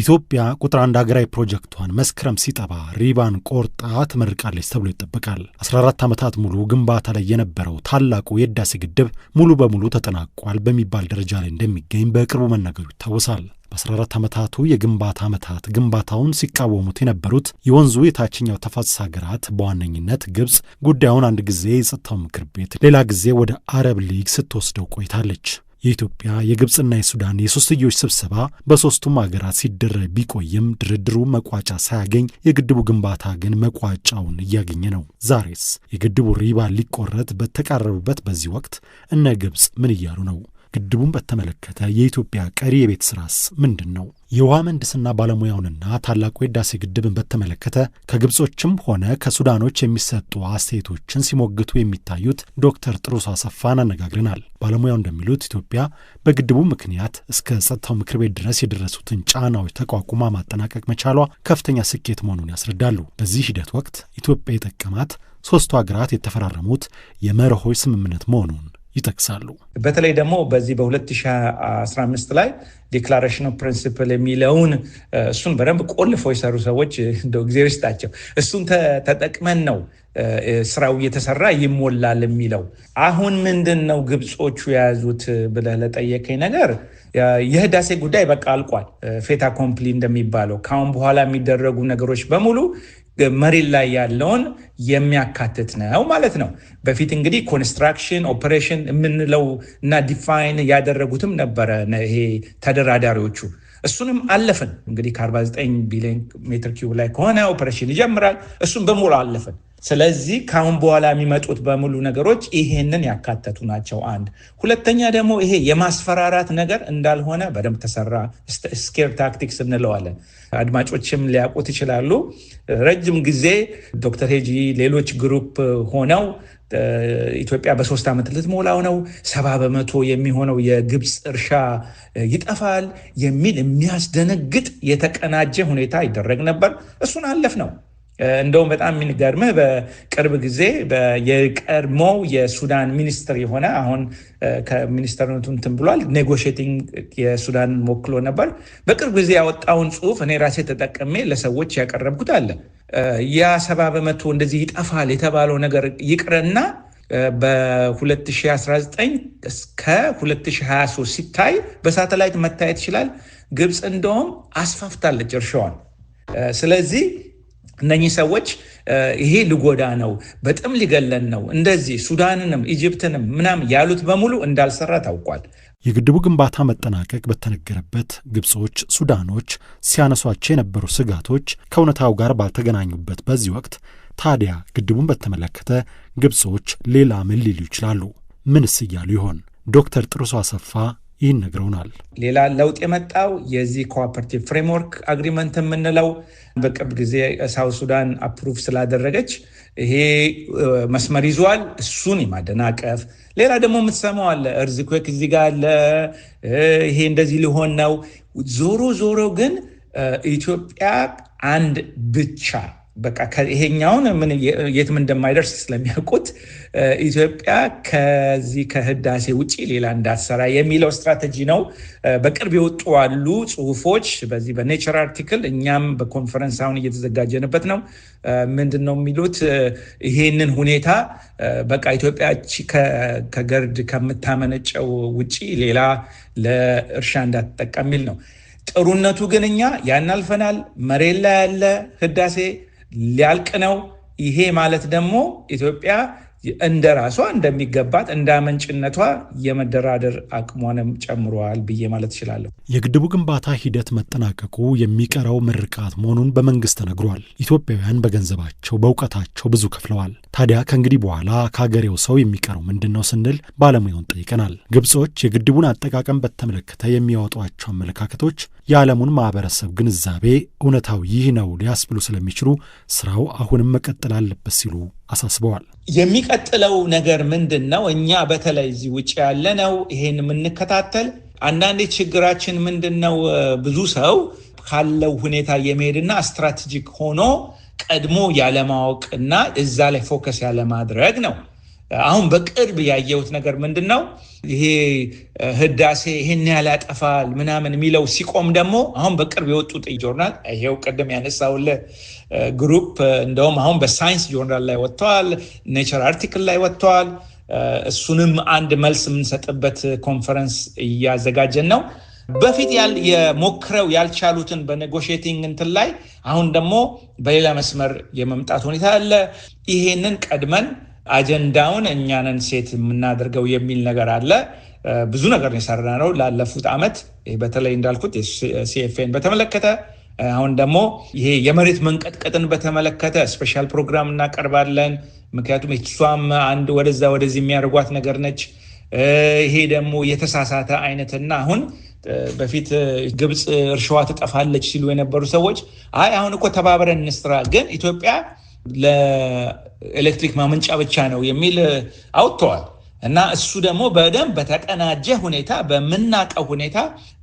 ኢትዮጵያ ቁጥር አንድ ሀገራዊ ፕሮጀክቷን መስከረም ሲጠባ ሪባን ቆርጣ ትመርቃለች ተብሎ ይጠበቃል። 14 ዓመታት ሙሉ ግንባታ ላይ የነበረው ታላቁ የህዳሴ ግድብ ሙሉ በሙሉ ተጠናቋል በሚባል ደረጃ ላይ እንደሚገኝ በቅርቡ መናገሩ ይታወሳል። በ14 ዓመታቱ የግንባታ ዓመታት ግንባታውን ሲቃወሙት የነበሩት የወንዙ የታችኛው ተፋሰስ ሀገራት በዋነኝነት ግብፅ ጉዳዩን አንድ ጊዜ የጸጥታው ምክር ቤት፣ ሌላ ጊዜ ወደ አረብ ሊግ ስትወስደው ቆይታለች። የኢትዮጵያ የግብፅና የሱዳን የሶስትዮሽ ስብሰባ በሶስቱም አገራት ሲደረግ ቢቆይም ድርድሩ መቋጫ ሳያገኝ የግድቡ ግንባታ ግን መቋጫውን እያገኘ ነው። ዛሬስ የግድቡ ሪባን ሊቆረጥ በተቃረበበት በዚህ ወቅት እነ ግብፅ ምን እያሉ ነው? ግድቡን በተመለከተ የኢትዮጵያ ቀሪ የቤት ስራስ ምንድን ነው? የውሃ ምህንድስና ባለሙያውንና ታላቁ የህዳሴ ግድብን በተመለከተ ከግብጾችም ሆነ ከሱዳኖች የሚሰጡ አስተያየቶችን ሲሞግቱ የሚታዩት ዶክተር ጥሩሶ አሰፋን አነጋግረናል። ባለሙያው እንደሚሉት ኢትዮጵያ በግድቡ ምክንያት እስከ ጸጥታው ምክር ቤት ድረስ የደረሱትን ጫናዎች ተቋቁማ ማጠናቀቅ መቻሏ ከፍተኛ ስኬት መሆኑን ያስረዳሉ። በዚህ ሂደት ወቅት ኢትዮጵያ የጠቀማት ሶስቱ ሀገራት የተፈራረሙት የመርሆች ስምምነት መሆኑን ይጠቅሳሉ። በተለይ ደግሞ በዚህ በ2015 ላይ ዲክላሬሽን ኦፍ ፕሪንሲፕል የሚለውን እሱን በደንብ ቆልፈው የሰሩ ሰዎች እንደው እግዜር ይስጣቸው። እሱን ተጠቅመን ነው ስራው እየተሰራ ይሞላል የሚለው። አሁን ምንድን ነው ግብጾቹ የያዙት ብለህ ለጠየቀኝ ነገር የህዳሴ ጉዳይ በቃ አልቋል። ፌታ ኮምፕሊ እንደሚባለው ከአሁን በኋላ የሚደረጉ ነገሮች በሙሉ መሬት ላይ ያለውን የሚያካትት ነው ማለት ነው። በፊት እንግዲህ ኮንስትራክሽን ኦፕሬሽን የምንለው እና ዲፋይን ያደረጉትም ነበረ ይሄ ተደራዳሪዎቹ። እሱንም አለፍን እንግዲህ ከ49 ቢሊዮን ሜትር ኪዩብ ላይ ከሆነ ኦፕሬሽን ይጀምራል። እሱን በሙሉ አለፍን። ስለዚህ ካሁን በኋላ የሚመጡት በሙሉ ነገሮች ይሄንን ያካተቱ ናቸው። አንድ ሁለተኛ ደግሞ ይሄ የማስፈራራት ነገር እንዳልሆነ በደንብ ተሰራ። ስኬር ታክቲክስ እንለዋለን። አድማጮችም ሊያውቁት ይችላሉ። ረጅም ጊዜ ዶክተር ሄጂ ሌሎች ግሩፕ ሆነው ኢትዮጵያ በሶስት ዓመት ልትሞላው ነው፣ ሰባ በመቶ የሚሆነው የግብፅ እርሻ ይጠፋል የሚል የሚያስደነግጥ የተቀናጀ ሁኔታ ይደረግ ነበር። እሱን አለፍ ነው እንደውም በጣም የሚገርምህ በቅርብ ጊዜ የቀድሞው የሱዳን ሚኒስትር የሆነ አሁን ከሚኒስትርነቱ እንትን ብሏል። ኔጎሽቲንግ የሱዳን ወክሎ ነበር። በቅርብ ጊዜ ያወጣውን ጽሁፍ እኔ ራሴ ተጠቅሜ ለሰዎች ያቀረብኩት አለ። ያ ሰባ በመቶ እንደዚህ ይጠፋል የተባለው ነገር ይቅርና በ2019 እስከ 2023 ሲታይ በሳተላይት መታየት ይችላል። ግብፅ እንደውም አስፋፍታለች እርሻዋን። ስለዚህ እነኚህ ሰዎች ይሄ ልጎዳ ነው፣ በጥም ሊገለን ነው፣ እንደዚህ ሱዳንንም ኢጅፕትንም ምናምን ያሉት በሙሉ እንዳልሰራ ታውቋል። የግድቡ ግንባታ መጠናቀቅ በተነገረበት ግብጾች፣ ሱዳኖች ሲያነሷቸው የነበሩ ስጋቶች ከእውነታው ጋር ባልተገናኙበት በዚህ ወቅት ታዲያ ግድቡን በተመለከተ ግብጾች ሌላ ምን ሊሉ ይችላሉ? ምንስ እያሉ ይሆን? ዶክተር ጥሩሶ አሰፋ ይህን ነግረውናል። ሌላ ለውጥ የመጣው የዚህ ኮኦፐሬቲቭ ፍሬምወርክ አግሪመንት የምንለው በቅርብ ጊዜ ሳውት ሱዳን አፕሩቭ ስላደረገች ይሄ መስመር ይዟል። እሱን የማደናቀፍ ሌላ ደግሞ የምትሰማው አለ፣ እርዝኩክ እዚህ ጋ አለ፣ ይሄ እንደዚህ ሊሆን ነው። ዞሮ ዞሮ ግን ኢትዮጵያ አንድ ብቻ በቃ ይሄኛውን የትም እንደማይደርስ ስለሚያውቁት ኢትዮጵያ ከዚህ ከህዳሴ ውጭ ሌላ እንዳትሰራ የሚለው ስትራቴጂ ነው። በቅርብ የወጡ አሉ ጽሁፎች በዚህ በኔቸር አርቲክል እኛም በኮንፈረንስ አሁን እየተዘጋጀንበት ነው። ምንድን ነው የሚሉት ይሄንን ሁኔታ በቃ ኢትዮጵያ ከገርድ ከምታመነጨው ውጭ ሌላ ለእርሻ እንዳትጠቀም የሚል ነው። ጥሩነቱ ግን እኛ ያናልፈናል መሬት ላይ ያለ ህዳሴ ሊያልቅ ነው። ይሄ ማለት ደግሞ ኢትዮጵያ እንደ ራሷ እንደሚገባት እንደ አመንጭነቷ የመደራደር አቅሟንም ጨምሯል ብዬ ማለት እችላለሁ። የግድቡ ግንባታ ሂደት መጠናቀቁ የሚቀረው ምርቃት መሆኑን በመንግስት ተነግሯል። ኢትዮጵያውያን በገንዘባቸው በእውቀታቸው ብዙ ከፍለዋል። ታዲያ ከእንግዲህ በኋላ ከሀገሬው ሰው የሚቀረው ምንድን ነው ስንል ባለሙያውን ጠይቀናል። ግብጾች የግድቡን አጠቃቀም በተመለከተ የሚያወጧቸው አመለካከቶች የዓለሙን ማህበረሰብ ግንዛቤ እውነታው ይህ ነው ሊያስብሉ ስለሚችሉ ስራው አሁንም መቀጠል አለበት ሲሉ አሳስበዋል። የሚቀጥለው ነገር ምንድን ነው? እኛ በተለይ እዚህ ውጭ ያለ ነው ይሄን የምንከታተል አንዳንዴ ችግራችን ምንድን ነው? ብዙ ሰው ካለው ሁኔታ የመሄድና ስትራቴጂክ ሆኖ ቀድሞ ያለማወቅ እና እዛ ላይ ፎከስ ያለማድረግ ነው። አሁን በቅርብ ያየሁት ነገር ምንድን ነው? ይሄ ህዳሴ ይህን ያህል ያጠፋል ምናምን የሚለው ሲቆም ደግሞ አሁን በቅርብ የወጡት ጆርናል ይሄው ቅድም ያነሳውለ ግሩፕ እንደውም አሁን በሳይንስ ጆርናል ላይ ወጥተዋል፣ ኔቸር አርቲክል ላይ ወጥተዋል። እሱንም አንድ መልስ የምንሰጥበት ኮንፈረንስ እያዘጋጀን ነው። በፊት የሞክረው ያልቻሉትን በኔጎሽቲንግ እንትን ላይ አሁን ደግሞ በሌላ መስመር የመምጣት ሁኔታ አለ። ይሄንን ቀድመን አጀንዳውን እኛንን ሴት የምናደርገው የሚል ነገር አለ። ብዙ ነገር የሰራ ነው ላለፉት አመት በተለይ እንዳልኩት ሲኤፍኤን በተመለከተ አሁን ደግሞ ይሄ የመሬት መንቀጥቀጥን በተመለከተ ስፔሻል ፕሮግራም እናቀርባለን። ምክንያቱም የሷም አንድ ወደዛ ወደዚህ የሚያደርጓት ነገር ነች። ይሄ ደግሞ የተሳሳተ አይነትና አሁን በፊት ግብፅ እርሻዋ ትጠፋለች ሲሉ የነበሩ ሰዎች አይ አሁን እኮ ተባብረን እንስራ፣ ግን ኢትዮጵያ ለኤሌክትሪክ ማመንጫ ብቻ ነው የሚል አውጥተዋል። እና እሱ ደግሞ በደንብ በተቀናጀ ሁኔታ በምናቀው ሁኔታ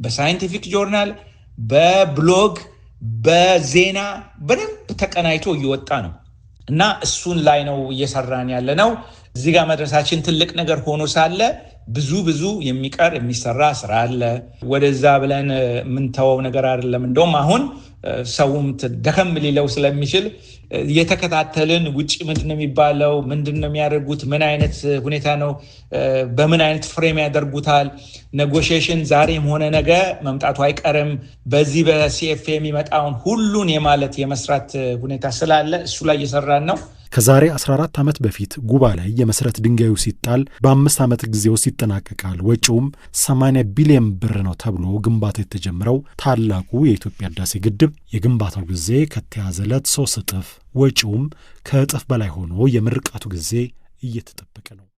በሳይንቲፊክ ጆርናል፣ በብሎግ፣ በዜና በደንብ ተቀናይቶ እየወጣ ነው። እና እሱን ላይ ነው እየሰራን ያለ ነው። እዚህ ጋር መድረሳችን ትልቅ ነገር ሆኖ ሳለ ብዙ ብዙ የሚቀር የሚሰራ ስራ አለ። ወደዛ ብለን የምንተወው ነገር አይደለም። እንደውም አሁን ሰውም ደከም ሊለው ስለሚችል የተከታተልን ውጭ ምንድን ነው የሚባለው፣ ምንድን ነው የሚያደርጉት፣ ምን አይነት ሁኔታ ነው፣ በምን አይነት ፍሬም ያደርጉታል። ኔጎሽሽን ዛሬም ሆነ ነገ መምጣቱ አይቀርም። በዚህ በሲኤፍ የሚመጣውን ሁሉን የማለት የመስራት ሁኔታ ስላለ እሱ ላይ እየሰራን ነው። ከዛሬ 14 ዓመት በፊት ጉባ ላይ የመሠረት ድንጋዩ ሲጣል በአምስት ዓመት ጊዜ ውስጥ ይጠናቀቃል። ወጪውም 80 ቢሊዮን ብር ነው ተብሎ ግንባታ የተጀመረው ታላቁ የኢትዮጵያ ዳሴ ግድብ የግንባታው ጊዜ ከተያዘለት ሶስት እጥፍ ወጪውም ከእጥፍ በላይ ሆኖ የምርቃቱ ጊዜ እየተጠበቀ ነው።